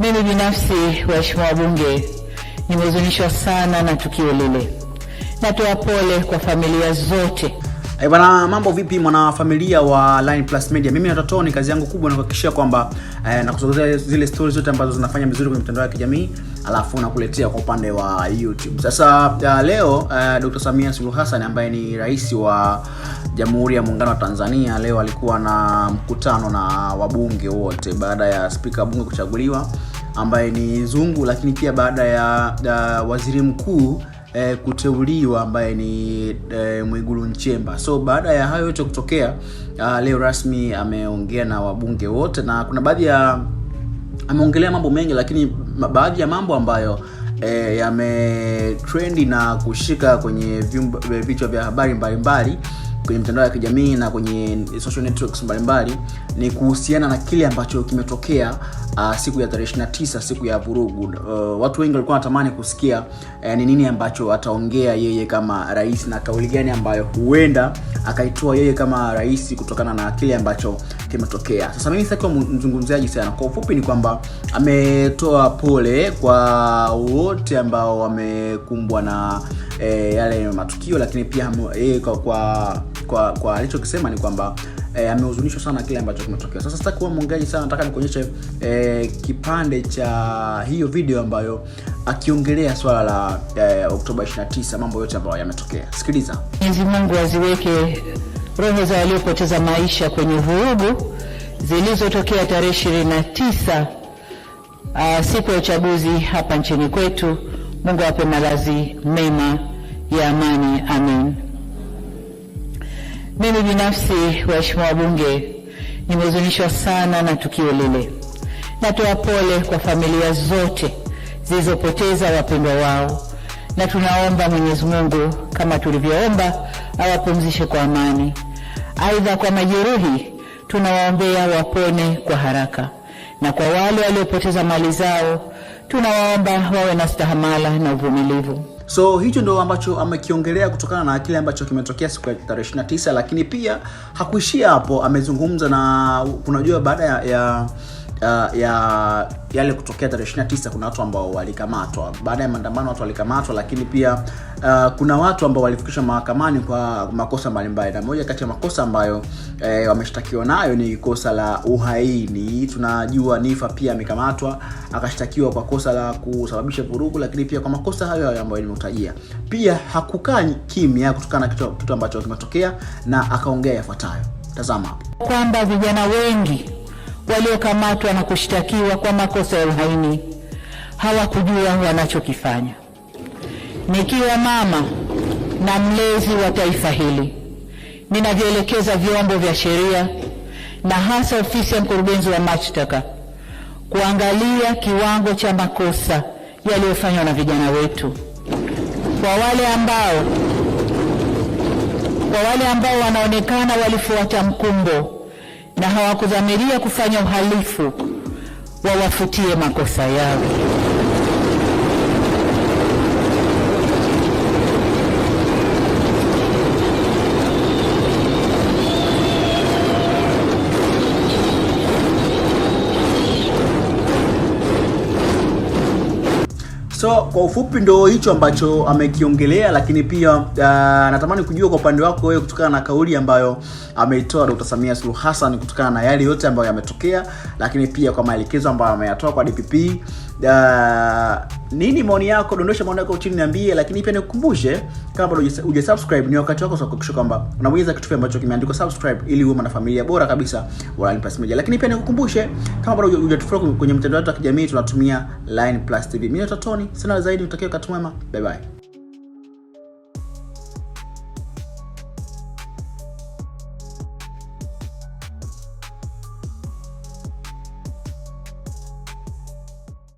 Mimi binafsi, waheshimiwa wabunge, nimehuzunishwa sana na tukio lile. Natoa pole kwa familia zote. Hey, eh, bana mambo vipi mwanafamilia wa Line Plus Media. Mimi na ni kazi yangu kubwa na kuhakikisha kwamba eh, nakusogezea zile stories zote ambazo zinafanya vizuri kwenye mitandao ya kijamii alafu nakuletea kwa upande wa YouTube. Sasa ya leo eh, Dr. Samia Suluhu Hassan ambaye ni rais wa Jamhuri ya Muungano wa Tanzania leo alikuwa na mkutano na wabunge wote baada ya spika wa bunge kuchaguliwa ambaye ni Zungu, lakini pia baada ya ya waziri mkuu eh, kuteuliwa ambaye ni eh, Mwigulu Nchemba. So baada ya hayo yote kutokea, uh, leo rasmi ameongea na wabunge wote na kuna baadhi ya ameongelea mambo mengi, lakini baadhi ya mambo ambayo eh, yametrendi na kushika kwenye eh, vichwa vya habari mbalimbali mbali kwenye mtandao ya kijamii na kwenye social networks mbalimbali ni kuhusiana na kile ambacho kimetokea uh, siku ya tarehe 29 siku ya vurugu. Uh, watu wengi walikuwa wanatamani kusikia eh, ni nini ambacho ataongea yeye kama rais na kauli gani ambayo huenda akaitoa yeye kama rais kutokana na kile ambacho kimetokea. Sasa mimi sitakiwa mzungumzaji sana, kwa ufupi ni kwamba ametoa pole kwa wote ambao wamekumbwa na eh, yale matukio, lakini pia yeye eh, kwa, kwa kwa kwa alichokisema ni kwamba e, amehuzunishwa sana kile ambacho kimetokea. Sasa sitaki kuwa mwongeaji sana, nataka nikuonyeshe e, kipande cha hiyo video ambayo akiongelea swala la e, Oktoba 29 mambo yote ambayo yametokea. Sikiliza. Mwenyezi Mungu aziweke roho za waliopoteza maisha kwenye vurugu zilizotokea tarehe 29 uh, siku ya uchaguzi hapa nchini kwetu. Mungu awape malazi mema ya amani. Amen. Mimi binafsi, waheshimiwa wabunge, nimehuzunishwa sana na tukio lile. Natoa pole kwa familia zote zilizopoteza wapendwa wao, na tunaomba Mwenyezi Mungu kama tulivyoomba awapumzishe kwa amani. Aidha, kwa majeruhi tunawaombea wapone kwa haraka, na kwa wale waliopoteza mali zao tunawaomba wawe na stahamala na uvumilivu. So hicho ndo ambacho amekiongelea kutokana na kile ambacho kimetokea siku ya tarehe 29, lakini pia hakuishia hapo. Amezungumza na unajua baada ya, ya Uh, ya yale kutokea tarehe 29 kuna watu ambao walikamatwa baada ya maandamano, watu walikamatwa, lakini pia uh, kuna watu ambao walifikishwa mahakamani kwa makosa mbalimbali, na moja kati ya makosa ambayo eh, wameshtakiwa nayo ni kosa la uhaini. Tunajua nifa pia amekamatwa akashtakiwa kwa kosa la kusababisha vurugu, lakini pia kwa makosa hayo hayo ambayo nimekutajia. Pia hakukaa kimya kutokana na kitu, kitu ambacho kimetokea, na akaongea yafuatayo. Tazama kwamba vijana wengi waliokamatwa na kushtakiwa kwa makosa ya uhaini hawakujua wanachokifanya. Nikiwa mama na mlezi wa taifa hili, ninavyoelekeza vyombo vya sheria na hasa ofisi ya mkurugenzi wa mashtaka kuangalia kiwango cha makosa yaliyofanywa na vijana wetu. Kwa wale ambao, kwa wale ambao wanaonekana walifuata mkumbo na hawakudhamiria kufanya uhalifu wawafutie makosa yao. So kwa ufupi ndo hicho ambacho amekiongelea, lakini pia uh, natamani kujua kwa upande wako wewe, kutokana na kauli ambayo ameitoa Dr. Samia suluh Hassan, kutokana na yale yote ambayo yametokea, lakini pia kwa maelekezo ambayo ameyatoa kwa DPP. Uh, nini maoni yako? Dondosha maoni yako chini niambie, lakini pia nikukumbushe kama bado hujasubscribe, ni wakati wako sasa kuhakikisha kwamba unabonyeza kitufe ambacho kimeandikwa subscribe ili uwe mwanafamilia bora kabisa wa Line Plus Media. Lakini pia nikukumbushe kama bado hujatufollow kwenye mtandao wetu wa kijamii, tunatumia Line Plus TV. Mimi ni Tony Sina zaidi, utakiwa katumwema Bye bye.